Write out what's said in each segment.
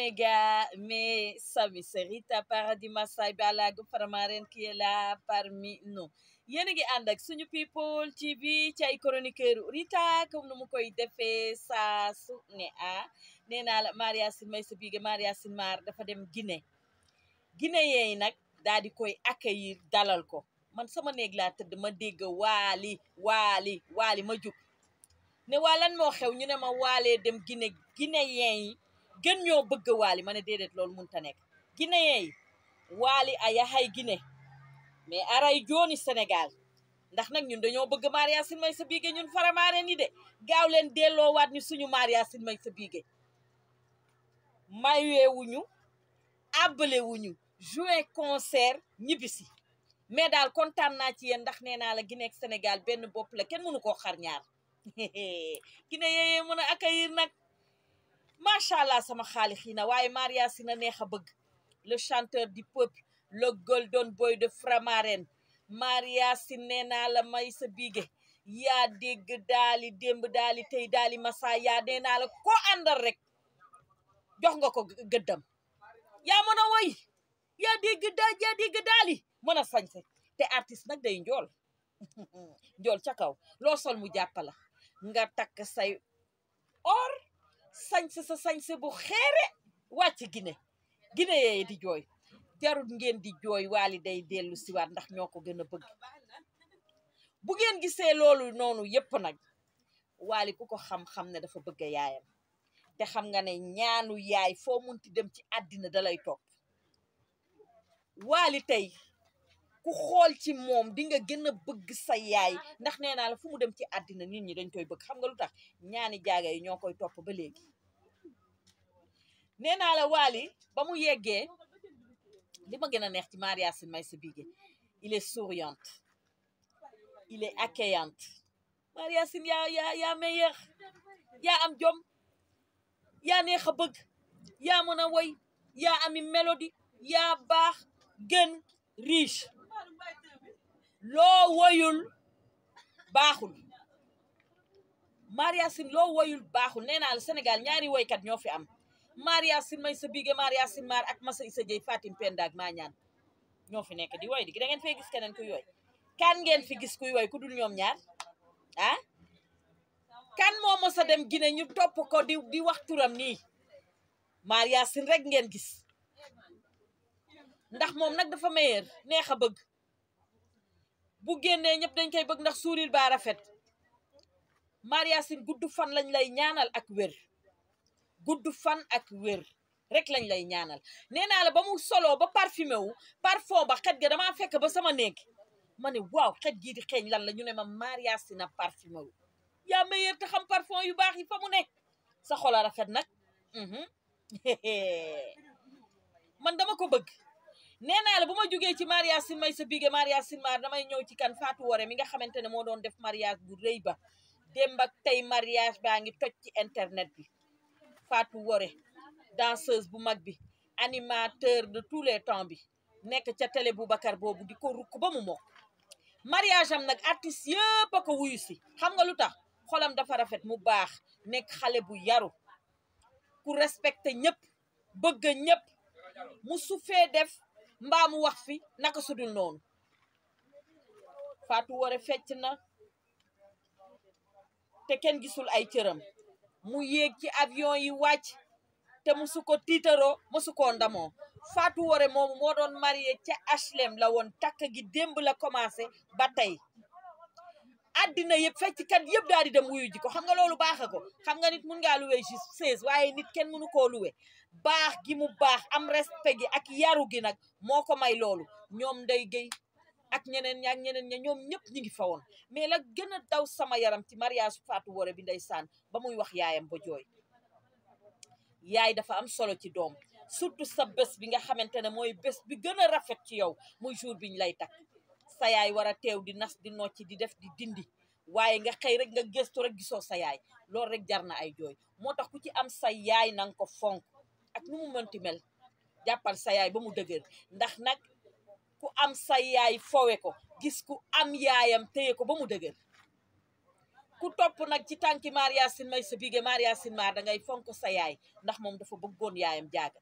Omega, mais sa miserita paradima sayba lagu paramaren qui est là parmi nous. yéen a ngi ànd ak suñu people TV ci ay chroniqueur Rita comme nu koy defe saa su ne ah nee naa la Maria Sine may sa biige dafa dem Guinée Guinée yeey nag daal di koy accueillir dalal ko man sama néeg laa tëdd ma dégg waali waali waali ma jug ne waa moo xew ñu ne ma waalee dem Guinée Guinée yeey gën ñoo bëgg waali ma ne déedéet loolu mënta nekk guinéen yi waali a yaxay Guinée mais aray jooni Sénégal ndax nag ñun dañoo bëgg Maria Sin May sa biige ñun faramaare nii de gaaw leen waat ñu suñu Maria Sin May sa biige mayeewuñu abbalewuñu jouer concert ñibbisi mais daal kontaan naa ci yéen ndax nee naa la Guinée ak Sénégal benn bopp la kenn mënu koo xar ñaar Guinée yooyu mën a accueillir nag macha allah sama xaali xiina waaye Maria Sina neex a bëgg le chanteur du peuple le golden boy de Framaren Maria Sina la may sa biige yaa dégg daali démb daali tey daali massa yaa nee naa la ko àndal rek jox nga ko gëddam yaa mën a woy yaa dégg daal yaa dégg daali mën a sañse te artiste nag day njool njool ca kaw loo sol mu jàppala nga takk say or sañse sa sañse bu xeere wàcc Guinée Guinée yee di jooy jarul ngeen di jooy waali day dellu siwaat ndax ñoo ko gën a bëgg bu ngeen gisee loolu noonu yépp nag waali ku ko xam-xam ne dafa bëgg yaayam te xam nga ne ñaanu yaay foo munti dem ci àddina dalay topp waali tey ku xool ci moom di nga gën bëgg sa yaay ndax nee naa la fu mu dem ci àddina nit ñi dañ koy bëgg xam nga lu tax ñaani jaaga yi ñoo koy topp ba léegi nee naa la Wally ba mu yeggee li ma gën a neex ci Maria Sy Maïssa Bigué il est souriante il est accueillante Maria Sy yaa yaa yaa am jom yaa neex a bëgg yaa mën a woy yaa ami mélodie yaa baax gën riche loo woyul baaxul Maria loo woyul baaxul nee naa la Sénégal ñaari woykat ñoo fi am Maria Sine may sa bige Maria Sine maar ak Massa Issa Dieye Fatim Penda ak maa ñaan ñoo fi nekk di woy di da ngeen fay gis keneen kuy woy kan ngeen fi gis kuy woy ku dul ñoom ñaar ah kan moo mos dem Guinée ñu topp ko di di wax turam nii Maria Sine rek ngeen gis ndax moom nag dafa meilleur neex a bëgg bu génnee ñëpp dañ koy bëgg ndax sourire ba rafet Maria gudd fan lañ lay ñaanal ak wér gudd fan ak wér rek lañ lay ñaanal nee naa la ba mu solo ba parfumé wu parfum ba xet ga damaa fekk ba sama néeg ma ne waaw xet gii di xeeñ lan la ñu ne ma Maria Sine parfumé wu yaa meilleur te xam parfon yu baax yi fa mu nekk sa xol a rafet nag mhm. man dama ko bëgg nee naa la bu ma jógee ci mariage sin may sa bige mariage sin maar damay ñëw ci kan Fatou Wore mi nga xamante ne moo doon def mariage bu rëy ba démb ak tey mariage baa ngi toj ci internet bi Fatou Wore danseuse bu mag bi animateur de tous les temps bi nekk ca télé Boubacar boobu di ko rukk ba mu mokk mariage am nag artiste yëpp a wuyu si xam nga lu tax xolam dafa rafet mu baax nekk xale bu yaru ku respecté ñëpp bëgg ñëpp mu sufee def mbaa wax fi naka sudul noonu Fatou Wore fecc na te kenn gisul ay cëram mu yéeg ci avion yi wàcc te musu ko tiitaroo musu ko ndamoo Fatou Wore moomu moo doon marié ca HLM la woon takk gi démb la commencé ba tey àddina yëpp fecckat yëpp daal di dem wuyu ji ko xam nga loolu baax a xam nga nit mun ngaa luwe ci seize waaye nit kenn munu koo luwe baax gi mu baax am respect gi ak yaru gi nag moo ko may loolu ñoom day géy ak ñeneen ña ak ñeneen ña ñoom ñëpp ñi ngi fa woon mais la gën a daw sama yaram ci mariage faatu Woré bi ndeysaan ba muy wax yaayam ba jooy yaay dafa am solo ci doom surtout sa bés bi nga xamante ne mooy bés bi gën a rafet ci yow muy jour biñ lay takk sa yaay war a teew di nas di nocci di def di dindi waaye nga xëy rek nga gëstu rek gisoo sa yaay loolu rek jar na ay jooy moo tax ku ci am sa yaay nang ko fonk ak nu mënti mel jàppal sa yaay ba mu dëgër ndax nag ku am sa yaay fowee ko gis ku am yaayam téye ko ba mu dëgër ku topp nag ci tànki Maria Sin may sa bige Maria Sin maar da ngay fonk sa yaay ndax moom dafa bëggoon yaayam jaaga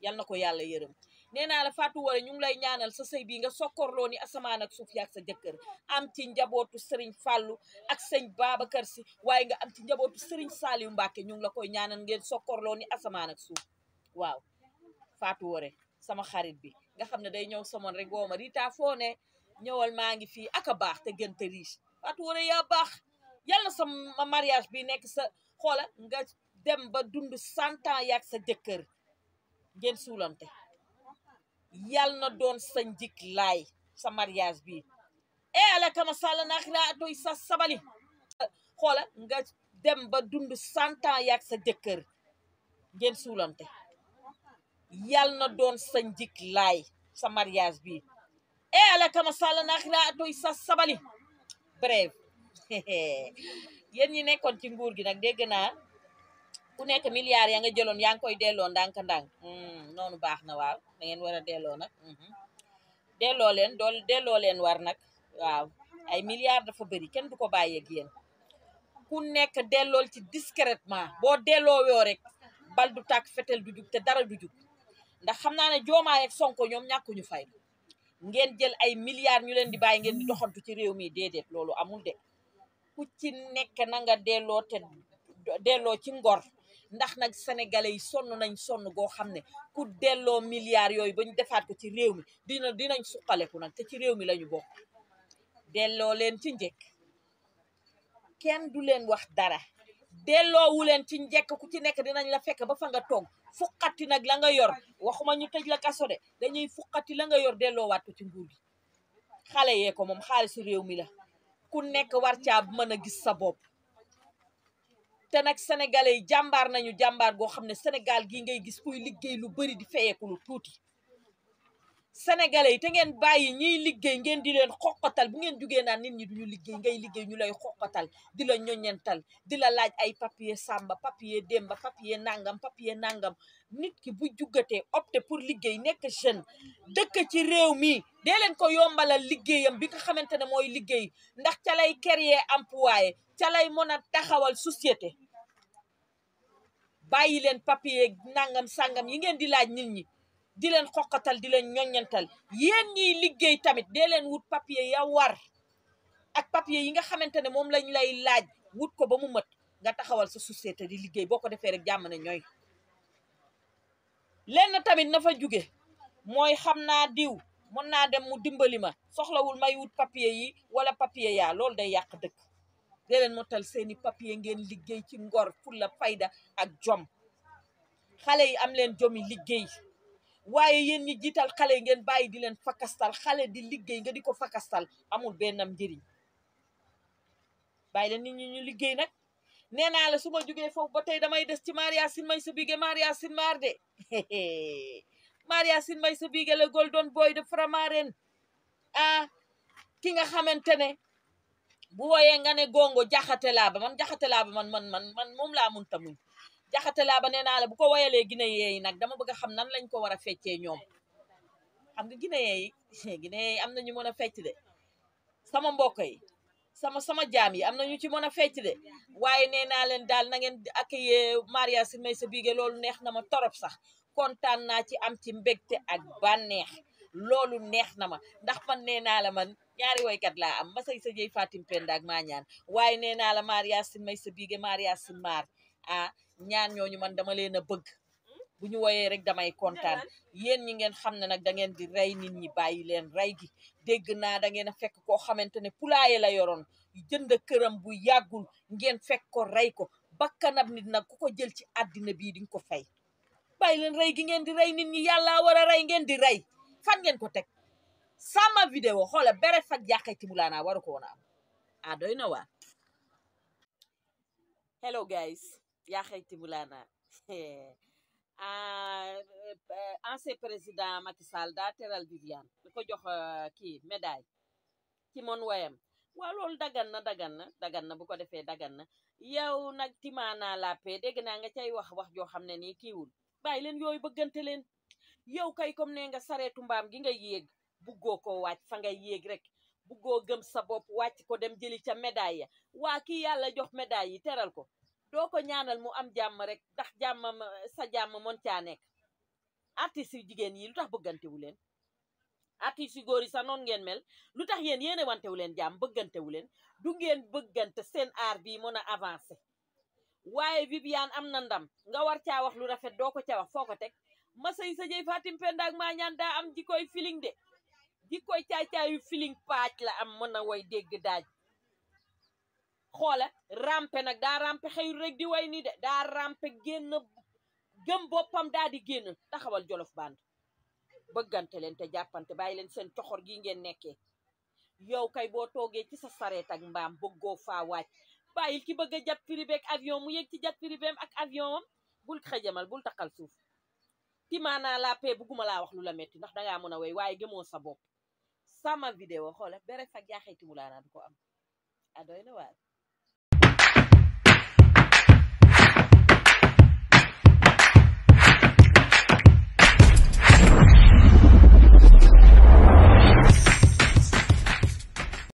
yal na ko yàlla yërëm nee naa la Fatou Waré ñu ngi lay ñaanal sa sëy bii nga sokkorloo ni asamaan ak suuf yaag sa jëkkër am ci njabootu Serigne Fallou ak sëñ Babacar si waaye nga am ci njabootu Serigne Saliou Mbacke ñu ngi la koy ñaanal ngeen sokkorloo ni asamaan ak suuf waaw Fatou Waré sama xarit bi nga xam ne day ñëw samoon rek woo ma Rita foo ne ñëwal maa ngi fii ak a baax te gën te riche Fatou Waré yaa baax yàlla sama mariage bi nekk sa xoola nga dem ba dund santa ans yaag sa jëkkër ngeen suulante yal na doon sa njig lay sa mariage bi e ala kama sàll na atoy sa sabali xoola nga dem ba dund cent ans sa jëkkër ngeen suulante yal na doon sa njig lay sa mariage bi e ala kama sàll na atoy sa sabali bref yéen ñi nekkoon ci nguur gi nag dégg ku nekk milliards ya nga jëloon yaa ngi koy delloo ndànk-ndànk hmm, noonu baax na waaw da ngeen war a delloo nag hmm. delloo leen dool delloo leen war nag waaw ay milliards dafa bëri kenn du ko bàyyi ak yéen ku nekk dellool ci discrètement boo delloowoo rek bal du tàkk fetel du jug te dara du jug ndax xam naa ne Diomaye ak Sonko ñoom ñàkkuñu fay ngeen jël ay milliards ñu leen di bàyyi ngeen di doxantu ci réew mi déedéet loolu amul de ku ci nekk nanga delloo te delloo ci ngor ndax nag sénégalais yi sonn nañ sonn goo xam ne ku delloo milliards yooyu ba ñu defaat ko ci réew mi dina dinañ suqaleku nag te ci réew mi lañu bokk delloo leen ci njëkk kenn du leen wax dara delloowu leen ci njekk ku ci nekk dinañ la fekk ba fa nga toog fuqati nag la nga yor waxuma ñu tëj la kaso de dañuy fuqati la nga yor delloowaat ko ci nguur gi xale yee ko moom xaalisu réew mi la ku nekk war caa mën a gis sa bopp te nag sénégalais yi jàmbaar nañu jàmbaar goo xam ne Sénégal gii ngay gis kuy liggéey lu bëri di fayeeku lu tuuti sénégalais yi te ngeen bàyyi ñiy liggéey ngeen di leen xoqatal bu ngeen jugee naan nit ñi duñu liggéey ngay liggéey ñu lay xoqatal di la ñoññental di la laaj ay papier samba papier demba papier nangam papier nangam nit ki bu jugatee opté pour liggéey nekk jeune dëkk ci réew mi dee leen ko yombalal liggéeyam bi nga xamante ne mooy liggéey ndax ca lay créer employé ca lay mën a taxawal société bàyyi leen papier nangam sangam yi ngeen di laaj nit ñi di leen xoqatal di leen ñoññantal yéen ñiy liggéey tamit dee leen wut papier ya war ak papier yi nga xamante ne moom lañ lay laaj wut ko ba mu mët nga taxawal sa société di liggéey boo ko defee rek jàmm na ñooy lenn tamit nafa fa jóge mooy xam naa diw mën naa dem mu dimbali ma soxlawul may wut papier yi wala papier yaa loolu day yàq dëkk dee leen motal seeni papier ngeen liggéey ci ngor pour la fayda ak jom xale yi am leen jomi liggéey waaye yéen ñi jiital kale yi ngeen bàyyi di leen fakastal xale di liggéey nga di ko fakastal amul bennam njëriñ bàyyi leen nit ñi ñu liggéey nag nee naa la su ma jógee foofu ba tey damay des ci Maria Sin may sa bige Maria Sin maar de Maria Sin may sa bige la golden boy de Framaren ah ki nga xamante ne bu woyee nga ne gongo jaxate laa ba man jaxate laa ba man man man man moom laa munta muñ jaxatelaa ba nee naa bu ko wayalee guinéen yi nag dama bëgg xam nan lañ ko war a feccee ñoom xam nga guinéen yi guinéen yi am na ñu mën a fecc de sama mbokk yi sama sama jaam yi am na ñu ci mën a fecc de waaye nee naa leen daal na ngeen accueillir Maria Sy Meyssa Bigué loolu neex na ma torop sax kontaan naa ci am ci mbégte ak bànneex loolu neex na ma ndax man nee naa la man ñaari woykat laa am masay sa jëy Fatim Penda ak maa ñaan waaye nee naa la Maria Sy Meyssa Bigué Maria Sy maar ah ñaan ñooñu man dama leen a bëgg bu ñu woyee rek damay kontaan yéen ñi ngeen xam ne nag da ngeen di rey nit ñi bàyyi leen rey gi dégg naa da ngeen a fekk koo xamante ne poulailler la yoroon jënd këram bu yàggul ngeen fekk ko rey ko bakkanab nit nag ku ko jël ci àddina bii di nga ko fay bàyyi leen rey gi ngeen di rey nit ñi yàlla war a rey ngeen di rey fan ngeen ko teg sama vidéo xoola bere fak yàqay ti mulaanaa waru ko woon a ah, doy na waa hello guys yaxeti bulana ancien ah, eh, président Macky Sall daa teral Viviane di ko jox eh, kii médaille ci mon wayam waaw loolu dagan na dagan na dagan na bu ko defee dagan na yow nag timaanaa la paix dégg naa nga cay wax wax joo xam ne nii kiiwul bàyyi leen yooyu bëggante leen yow kay comme ne nga sareetu mbaam gi nga yéeg buggoo ko wàcc fa nga yéeg rek buggoo gëm sa bopp wàcc ko dem jëli ca médaille ya waa ki yàlla jox médaille yi teral ko doo ko ñaanal mu am jàmm rek ndax jàmmam sa jàmm mën caa nekk artistes yu jigéen yi lu tax bëggantewu leen artistes yu góor yi sax noonu ngeen mel lu tax yéen yéene wantewu leen jàmm bëggantewu leen du ngeen bëggante seen aar bi mën a avancé waaye Viviane am na ndam nga war caa wax lu rafet doo ko ca wax foo ko teg masay sa jëy Fatim Penda ak ñaan daa am jikkoy filing de jikkoy caay-caayu filing paaj la am mën a woy dégg daaj xoola ràmpe nag daa rampe xëyul rek di way nii de daa rampe génn gëm boppam daal di génn taxawal jolof band bëggante leen te jàppante bàyyi leen seen coxor gi ngeen nekke yow kay boo toogee ci sa sareet ak mbaam bëggoo faa wàcc bàyyil ki bëgg a jat privé ak avion mu yëg ci jat privé ak avion am bul xëjamal bul taqal suuf ti maanaa la paix bugguma laa wax lu la metti ndax dangaa mën a woy waaye gëmoo sa bopp sama vidéo xoola bere fa jaaxeeti wulaanaa du ko am ah,